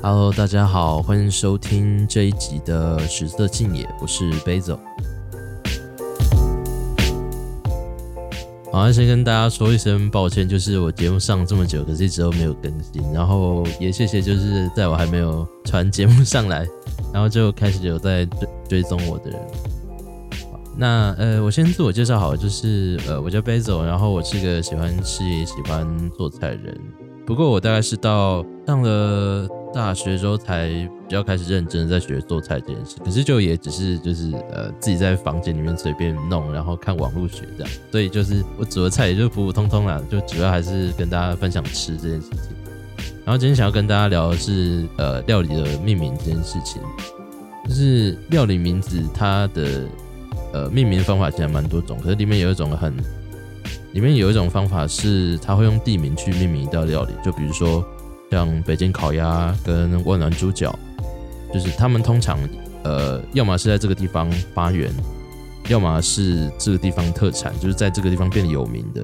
Hello，大家好，歡迎收聽這一集的《十色靜野》，我是 Bezel。好，先跟大家說一聲抱歉，就是我節目上了這麼久，可是一直都沒有更新，然後也謝謝，就是在我還沒有傳節目上來。然後就開始有在追追蹤我的人。那呃，我先自我介紹，好，就是呃，我叫 Basil，然後我是個喜歡吃、也喜歡做菜的人。不過我大概是到上了大學之後才比較開始認真在學做菜這件事。可是就也只是就是呃自己在房間裡面隨便弄，然後看網絡學這樣。所以就是我煮的菜也就普普通通啦，就主要還是跟大家分享吃這件事情。然後今天想要跟大家聊的是，呃，料理的命名這件事情。就是料理名字，它的呃命名方法其實還蠻多種。可是裡面有一種很，裡面有一種方法是，它會用地名去命名一道料理。就比如說像北京烤鴨跟萬巒豬腳，就是他們通常呃，要麼是在這個地方發源，要麼是這個地方特產，就是在這個地方變得有名的。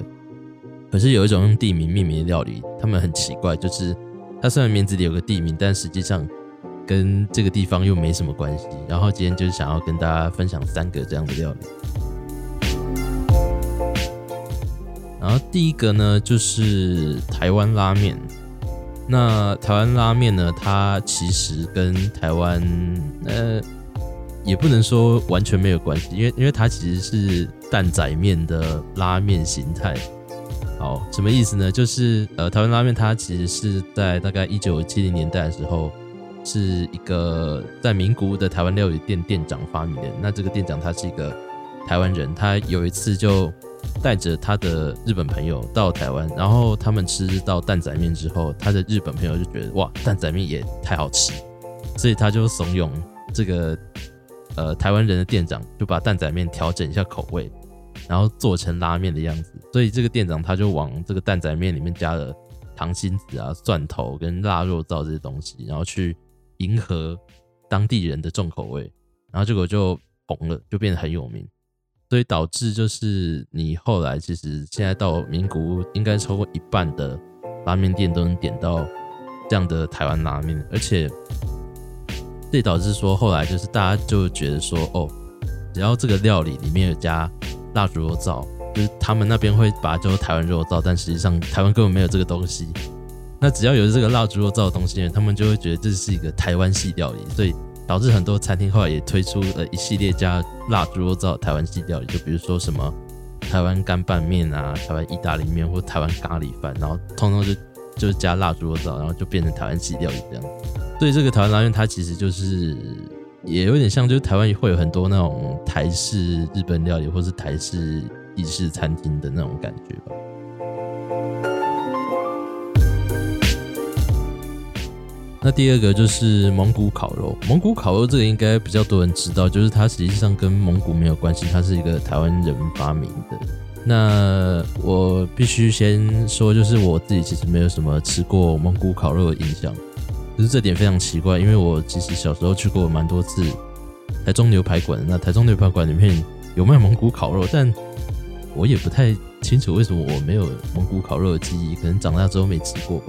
可是有一種用地名命名的料理，他們很奇怪，就是它雖然名字裡有個地名，但實際上跟這個地方又沒什麼關係。然後今天就是想要跟大家分享三個這樣的料理。然後第一個呢，就是台灣拉麵。那台灣拉面呢，它其實跟台灣呃也不能說完全沒有關係，因為因為它其實是擔仔麵的拉面形態。好，什麼意思呢？就是呃，台灣拉面它其實是在大概一九七零年代的時候，是一個在名古屋的台灣料理店店長發明的。那這個店長他是一個台灣人，他有一次就帶着他的日本朋友到台灣，然後他們吃到擔仔麵之後，他的日本朋友就覺得哇，擔仔麵也太好吃，所以他就慫恿這個呃台灣人的店長就把擔仔麵調整一下口味。然後做成拉麵的樣子，所以這個店長他就往這個擔仔麵裡面加了唐辛子啊、蒜頭跟辣肉燥這些東西，然後去迎合當地人的重口味，然後結果就紅了，就變得很有名。所以導致就是你後來其實現在到名古屋應該超過一半的拉麵店都能點到這樣的台灣拉麵，而且這導致說後來就是大家就覺得說，哦，只要這個料理裡面有加。辣豬肉燥，就是他們那邊會把它叫做台灣肉燥，但實際上台灣根本沒有這個東西。那只要有這個辣豬肉燥的東西，他們就會覺得這是一個台灣系料理，所以導致很多餐廳後來也推出了一系列加辣豬肉燥的台灣系料理，就比如說什麼台灣乾拌麵啊、台灣意大利麵或台灣咖喱飯，然後通通就就加辣豬肉燥，然後就變成台灣系料理這樣。所以這個台灣拉麵，它其實就是。也有點像，就是台灣會有很多那種台式日本料理，或是台式意式餐廳的那種感覺吧。那第二個就是蒙古烤肉，蒙古烤肉這個應該比較多人知道，就是它實際上跟蒙古沒有關係，它是一個台灣人發明的。那我必須先說，就是我自己其實沒有什麼吃過蒙古烤肉的印象。就是這點非常奇怪，因為我其實小時候去過蠻多次台中牛排館，那台中牛排館裡面有賣蒙古烤肉，但我也不太清楚為什麼我沒有蒙古烤肉的記憶，可能長大之後沒吃過吧。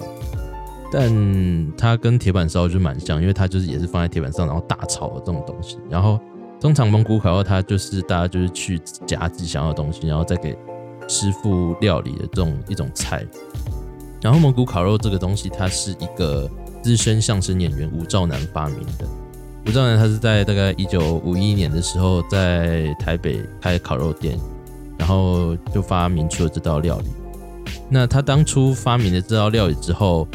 但它跟鐵板燒就蠻像，因為它就是也是放在鐵板上，然後大炒的這種東西。然後通常蒙古烤肉它就是大家就是去夾自己想要的東西，然後再給師傅料理的這種一種菜。然後蒙古烤肉這個東西，它是一個。資深相聲演員吳兆南發明的。吳兆南他是在大概一九五一年的時候，在台北開烤肉店，然後就發明出了這道料理。那他當初發明了這道料理之後，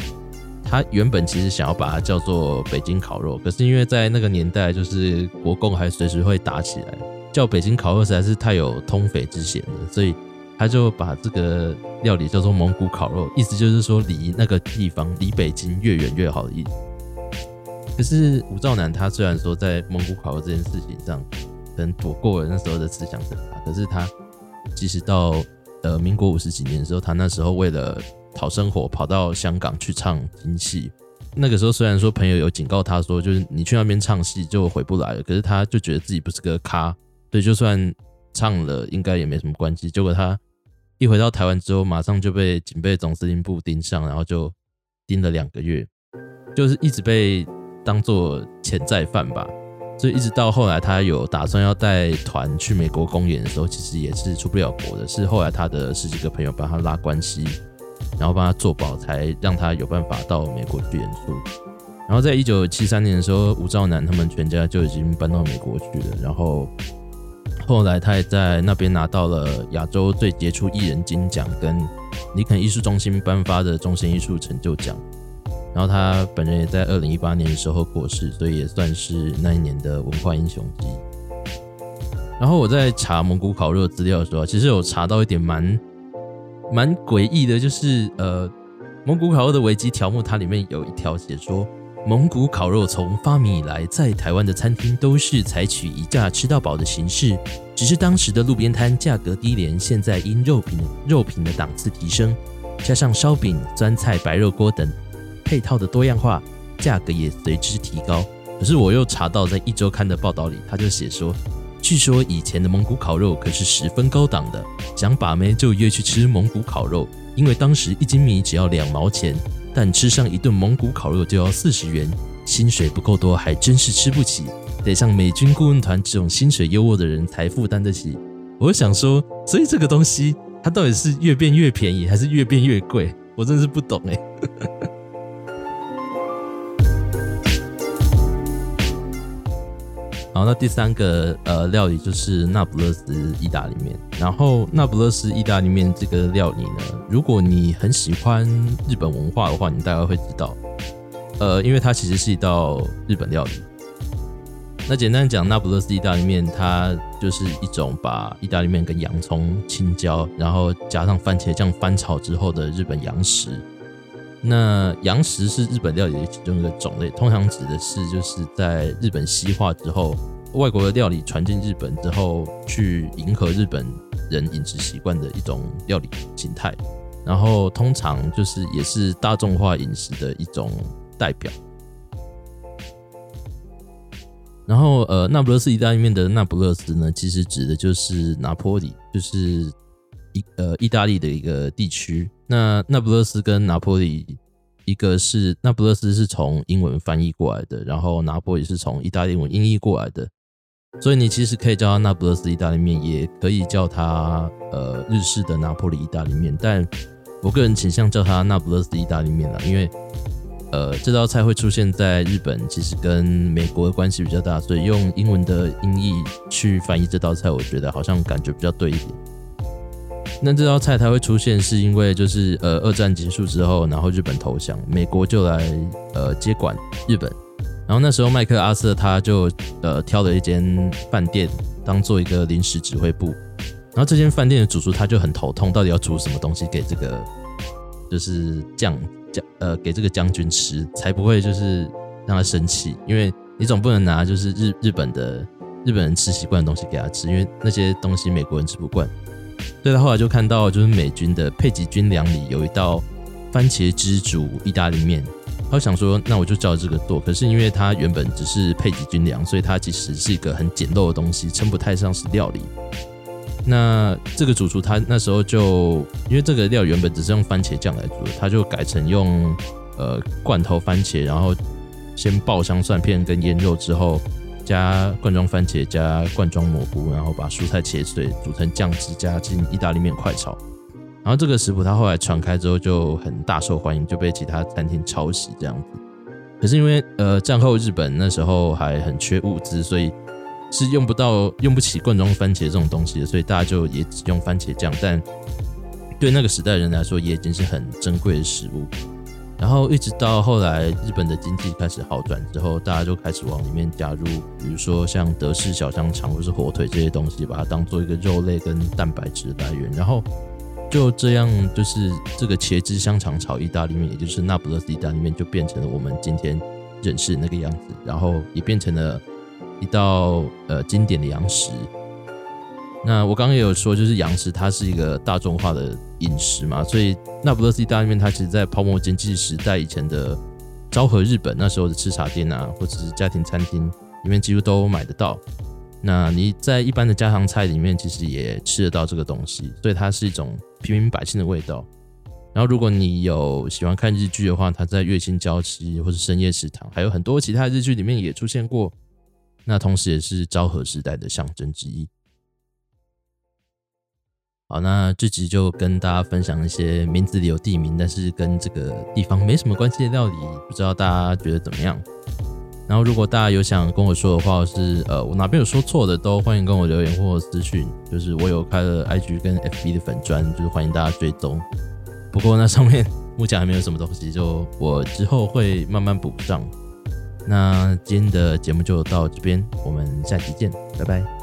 他原本其實想要把它叫做北京烤肉，可是因為在那個年代，就是國共還隨時會打起來，叫北京烤肉實在是太有通匪之嫌了，所以。他就把這個料理叫做蒙古烤肉，意思就是說離那個地方離北京越遠越好的意思。可是吳兆南他雖然說在蒙古烤肉這件事情上能躲過了那時候的思想是，可是他其實到呃民國五十幾年的時候，他那時候為了討生活跑到香港去唱京戲。那個時候雖然說朋友有警告他說，就是你去那邊唱戲就回不來了，可是他就覺得自己不是個咖，對，就算唱了應該也沒什麼關係。結果他。一回到台灣之後，馬上就被警備總司令部盯上，然後就盯了兩個月，就是一直被當作潛在犯吧。所以一直到後來，他有打算要帶團去美國公演的時候，其實也是出不了國的。是後來他的十幾個朋友幫他拉關係，然後幫他做保，才讓他有辦法到美國去演出。然後在一九七三年的時候，吳兆南他們全家就已經搬到美國去了。然後。後來他也在那邊拿到了亞洲最傑出藝人金獎，跟尼肯藝術中心頒發的終身藝術成就獎。然後他本人也在二零一八年的時候過世，所以也算是那一年的文化英雄級。然後我在查蒙古烤肉資料的時候，其實有查到一點蠻蠻詭異的，就是呃，蒙古烤肉的維基條目它裡面有一條寫說。蒙古烤肉從發明以來，在台灣的餐廳都是採取一價吃到飽的形式。只是當時的路邊攤價格低廉，現在因肉品肉品的檔次提升，加上燒餅、酸菜、白肉鍋等配套的多樣化，價格也隨之提高。可是我又查到在《一周刊》的報道裡，他就寫說，據說以前的蒙古烤肉可是十分高檔的，想把妹就約去吃蒙古烤肉，因為當時一斤米只要兩毛錢。但吃上一頓蒙古烤肉就要四十元，薪水不夠多還真是吃不起，得像美軍顧問團這種薪水優渥的人才負擔得起。我想說，所以這個東西它到底是越變越便宜還是越變越貴？我真的是不懂欸 然後，那第三個呃料理就是那不勒斯意大利麵。然後，那不勒斯意大利麵這個料理呢，如果你很喜歡日本文化的話，你大概會知道，呃，因為它其實是一道日本料理。那簡單講，那不勒斯意大利麵它就是一種把意大利麵跟洋蔥、青椒，然後加上番茄醬翻炒之後的日本洋食。那洋食是日本料理的其中一個種類，通常指的是就是在日本西化之後，外國的料理傳進日本之後，去迎合日本人飲食習慣的一種料理形態。然後通常就是也是大眾化飲食的一種代表。然後呃，那不勒斯意大利麵的那不勒斯呢，其實指的就是拿坡里，就是。呃，意大利的一個地區，那那不勒斯跟拿坡里，一個是那不勒斯是從英文翻譯過來的，然後拿坡也是從意大利文音譯過來的，所以你其實可以叫它那不勒斯意大利麵，也可以叫它呃日式的拿坡里意大利麵，但我個人傾向叫它那不勒斯意大利麵了，因為呃這道菜會出現在日本，其實跟美國的關係比較大，所以用英文的音譯去翻譯這道菜，我覺得好像感覺比較對一點。那這道菜它會出現，是因為就是呃，二戰結束之後，然後日本投降，美國就來呃接管日本。然後那時候麥克阿瑟他就呃挑了一間飯店當做一個臨時指揮部。然後這間飯店的主廚他就很頭痛，到底要煮什麼東西給這個就是將將呃給這個將軍吃，才不會就是讓他生氣。因為你總不能拿就是日日本的日本人吃習慣的東西給他吃，因為那些東西美國人吃不慣。對，他後來就看到，就是美軍的配給軍糧裡有一道番茄汁煮意大利麵，他就想說，那我就照這個做。可是因為它原本只是配給軍糧，所以它其實是一個很簡陋的東西，稱不太像是料理。那這個主廚他那時候就，因為這個料原本只是用番茄醬來煮，他就改成用呃罐頭番茄，然後先爆香蒜片跟醃肉之後。加罐裝番茄，加罐裝蘑菇，然後把蔬菜切碎煮成醬汁，加進意大利麵快炒。然後這個食譜它後來傳開之後就很大受歡迎，就被其他餐廳抄襲這樣子。可是因為呃戰後日本那時候還很缺物資，所以是用不到、用不起罐裝番茄這種東西的，所以大家就也只用番茄醬。但對那個時代的人來說，也已經是很珍貴的食物。然後一直到後來，日本的經濟開始好轉之後，大家就開始往裡面加入，比如說像德式小香腸或是火腿這些東西，把它當做一個肉類跟蛋白質的來源。然後就這樣，就是這個茄汁香腸炒意大利麵，也就是那不勒斯意大利麵，就變成了我們今天認識的那個樣子，然後也變成了一道呃經典的洋食。那我剛剛也有說，就是洋食它是一個大眾化的飲食嘛，所以那不勒斯意大利麵它其實，在泡沫經濟時代以前的昭和日本，那時候的吃茶店啊，或者是家庭餐廳裡面幾乎都買得到。那你在一般的家常菜裡面，其實也吃得到這個東西，所以它是一種平民百姓的味道。然後如果你有喜歡看日劇的話，它在《月薪嬌妻》或者《深夜食堂》，還有很多其他日劇裡面也出現過。那同時也是昭和時代的象徵之一。好，那這集就跟大家分享一些名字裡有地名，但是跟這個地方沒什麼關係的料理，不知道大家覺得怎麼樣？然後，如果大家有想跟我說的話，是呃，我哪邊有說錯的，都歡迎跟我留言或私訊。就是我有開了 IG 跟 FB 的粉專，就是歡迎大家追蹤。不過那上面目前還沒有什麼東西，就我之後會慢慢補上。那今天的節目就到這邊，我們下期見，拜拜。